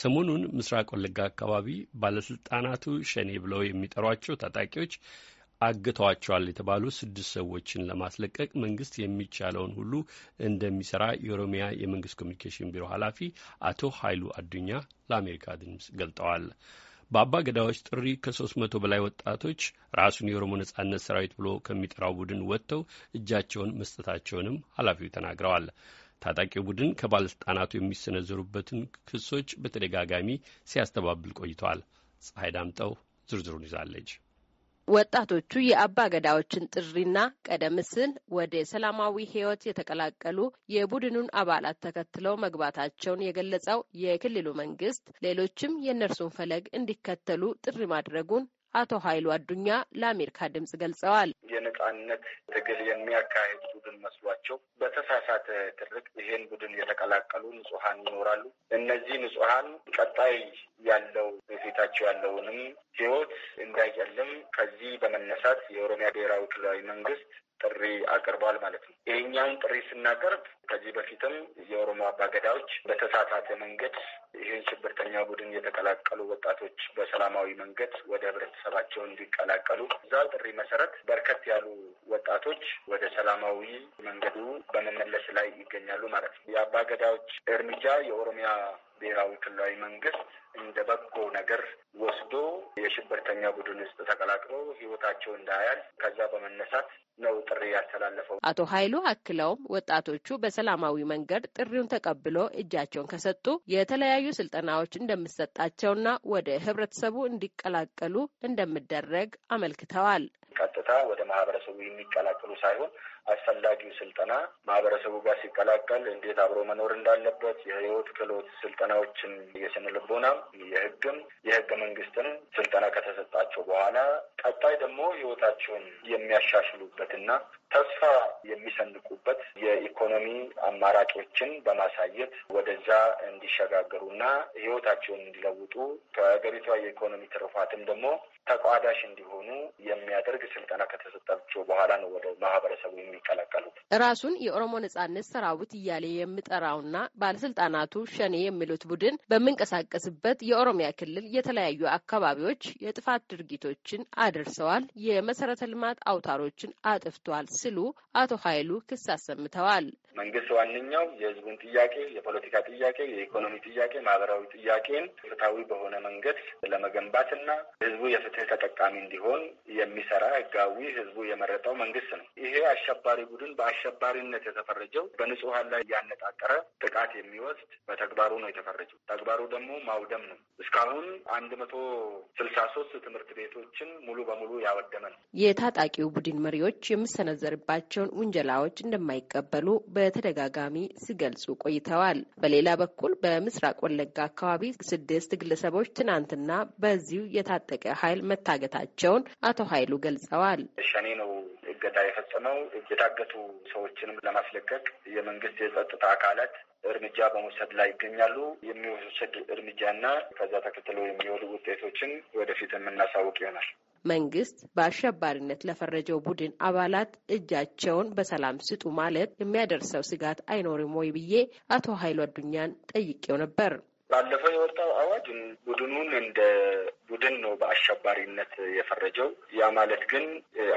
ሰሞኑን ምስራቅ ወለጋ አካባቢ ባለስልጣናቱ ሸኔ ብለው የሚጠሯቸው ታጣቂዎች አግተዋቸዋል የተባሉ ስድስት ሰዎችን ለማስለቀቅ መንግስት የሚቻለውን ሁሉ እንደሚሰራ የኦሮሚያ የመንግስት ኮሚኒኬሽን ቢሮ ኃላፊ አቶ ኃይሉ አዱኛ ለአሜሪካ ድምፅ ገልጠዋል። በአባ ገዳዎች ጥሪ ከሶስት መቶ በላይ ወጣቶች ራሱን የኦሮሞ ነጻነት ሰራዊት ብሎ ከሚጠራው ቡድን ወጥተው እጃቸውን መስጠታቸውንም ኃላፊው ተናግረዋል። ታጣቂው ቡድን ከባለስልጣናቱ የሚሰነዘሩበትን ክሶች በተደጋጋሚ ሲያስተባብል ቆይተዋል። ፀሐይ ዳምጠው ዝርዝሩን ይዛለች። ወጣቶቹ የአባ ገዳዎችን ጥሪና ቀደም ሲል ወደ ሰላማዊ ሕይወት የተቀላቀሉ የቡድኑን አባላት ተከትለው መግባታቸውን የገለጸው የክልሉ መንግስት ሌሎችም የእነርሱን ፈለግ እንዲከተሉ ጥሪ ማድረጉን አቶ ኃይሉ አዱኛ ለአሜሪካ ድምጽ ገልጸዋል። የነጻነት ትግል የሚያካሄድ ቡድን መስሏቸው በተሳሳተ ትርክ ይሄን ቡድን የተቀላቀሉ ንጹሀን ይኖራሉ። እነዚህ ንጹሀን ቀጣይ ያለው የፊታቸው ያለውንም ህይወት እንዳይጨልም ከዚህ በመነሳት የኦሮሚያ ብሔራዊ ክልላዊ መንግስት ጥሪ አቅርቧል ማለት ነው። ይሄኛውን ጥሪ ስናቀርብ ከዚህ በፊትም የኦሮሞ አባገዳዎች በተሳሳተ መንገድ ይህን ሽብርተኛ ቡድን የተቀላቀሉ ወጣቶች በሰላማዊ መንገድ ወደ ህብረተሰባቸው እንዲቀላቀሉ እዛ ጥሪ መሰረት በርከት ያሉ ወጣቶች ወደ ሰላማዊ መንገዱ በመመለስ ላይ ይገኛሉ ማለት ነው። የአባገዳዎች እርምጃ የኦሮሚያ ብሔራዊ ክልላዊ መንግስት እንደ በጎ ነገር ወስዶ የሽብርተኛ ቡድን ውስጥ ተቀላቅለው ህይወታቸው እንዳያል ከዛ በመነሳት ነው ጥሪ ያስተላለፈው። አቶ ኃይሉ አክለውም ወጣቶቹ በሰላማዊ መንገድ ጥሪውን ተቀብሎ እጃቸውን ከሰጡ የተለያዩ ስልጠናዎች እንደምሰጣቸውና ወደ ህብረተሰቡ እንዲቀላቀሉ እንደምደረግ አመልክተዋል። ቀጥታ ወደ ማህበረሰቡ የሚቀላቀሉ ሳይሆን አስፈላጊው ስልጠና ማህበረሰቡ ጋር ሲቀላቀል እንዴት አብሮ መኖር እንዳለበት የህይወት ክህሎት ስልጠናዎችን የስነ ልቦናም የህግም የህገ መንግስትን ስልጠና ከተሰጣቸው በኋላ ቀጣይ ደግሞ ህይወታቸውን የሚያሻሽሉበትና ተስፋ የሚሰንቁበት የኢኮኖሚ አማራጮችን በማሳየት ወደዛ እንዲሸጋገሩና ህይወታቸውን እንዲለውጡ ከሀገሪቷ የኢኮኖሚ ትርፋትም ደግሞ ተቋዳሽ እንዲሆኑ የሚያደርግ ስልጠና ስልጠና ከተሰጣቸው በኋላ ነው ወደ ማህበረሰቡ የሚቀላቀሉት። ራሱን የኦሮሞ ነጻነት ሰራዊት እያለ የሚጠራውና ባለስልጣናቱ ሸኔ የሚሉት ቡድን በምንቀሳቀስበት የኦሮሚያ ክልል የተለያዩ አካባቢዎች የጥፋት ድርጊቶችን አደርሰዋል፣ የመሰረተ ልማት አውታሮችን አጥፍቷል ሲሉ አቶ ኃይሉ ክስ አሰምተዋል። መንግስት ዋነኛው የህዝቡን ጥያቄ፣ የፖለቲካ ጥያቄ፣ የኢኮኖሚ ጥያቄ፣ ማህበራዊ ጥያቄን ፍትሐዊ በሆነ መንገድ ለመገንባት እና ህዝቡ የፍትህ ተጠቃሚ እንዲሆን የሚሰራ ህጋ ህጋዊ ህዝቡ የመረጠው መንግስት ነው። ይሄ አሸባሪ ቡድን በአሸባሪነት የተፈረጀው በንጹሀን ላይ ያነጣጠረ ጥቃት የሚወስድ በተግባሩ ነው የተፈረጀው። ተግባሩ ደግሞ ማውደም ነው። እስካሁን አንድ መቶ ስልሳ ሶስት ትምህርት ቤቶችን ሙሉ በሙሉ ያወደመ ነው። የታጣቂው ቡድን መሪዎች የሚሰነዘርባቸውን ውንጀላዎች እንደማይቀበሉ በተደጋጋሚ ሲገልጹ ቆይተዋል። በሌላ በኩል በምስራቅ ወለጋ አካባቢ ስድስት ግለሰቦች ትናንትና በዚሁ የታጠቀ ኃይል መታገታቸውን አቶ ኃይሉ ገልጸዋል። ገልጸዋል። ሸኔ ነው እገታ የፈጸመው። የታገቱ ሰዎችንም ለማስለቀቅ የመንግስት የጸጥታ አካላት እርምጃ በመውሰድ ላይ ይገኛሉ። የሚወሰድ እርምጃና ከዛ ተከትሎ የሚወዱ ውጤቶችን ወደፊት የምናሳውቅ ይሆናል። መንግስት በአሸባሪነት ለፈረጀው ቡድን አባላት እጃቸውን በሰላም ስጡ ማለት የሚያደርሰው ስጋት አይኖርም ወይ ብዬ አቶ ኃይሉ አዱኛን ጠይቄው ነበር። ባለፈው የወጣው አዋጅ ቡድኑን እንደ ቡድን ነው በአሸባሪነት የፈረጀው። ያ ማለት ግን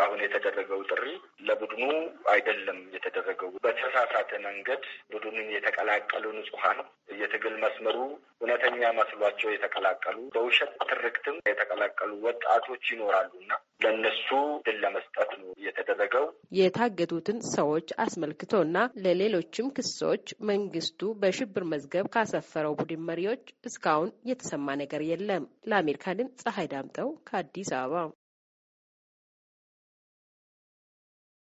አሁን የተደረገው ጥሪ ለቡድኑ አይደለም የተደረገው። በተሳሳተ መንገድ ቡድኑን የተቀላቀሉ ንጹሐን የትግል መስመሩ እውነተኛ መስሏቸው የተቀላቀሉ በውሸት ትርክትም የተቀላቀሉ ወጣቶች ይኖራሉ እና ለእነሱ ድል ለመስጠት ነው የተደረገው። የታገቱትን ሰዎች አስመልክቶና ለሌሎችም ክሶች መንግስቱ በሽብር መዝገብ ካሰፈረው ቡድን መሪዎች እስካሁን የተሰማ ነገር የለም። ለአሜሪካ ድምፅ ፀሐይ ዳምጠው ከአዲስ አበባ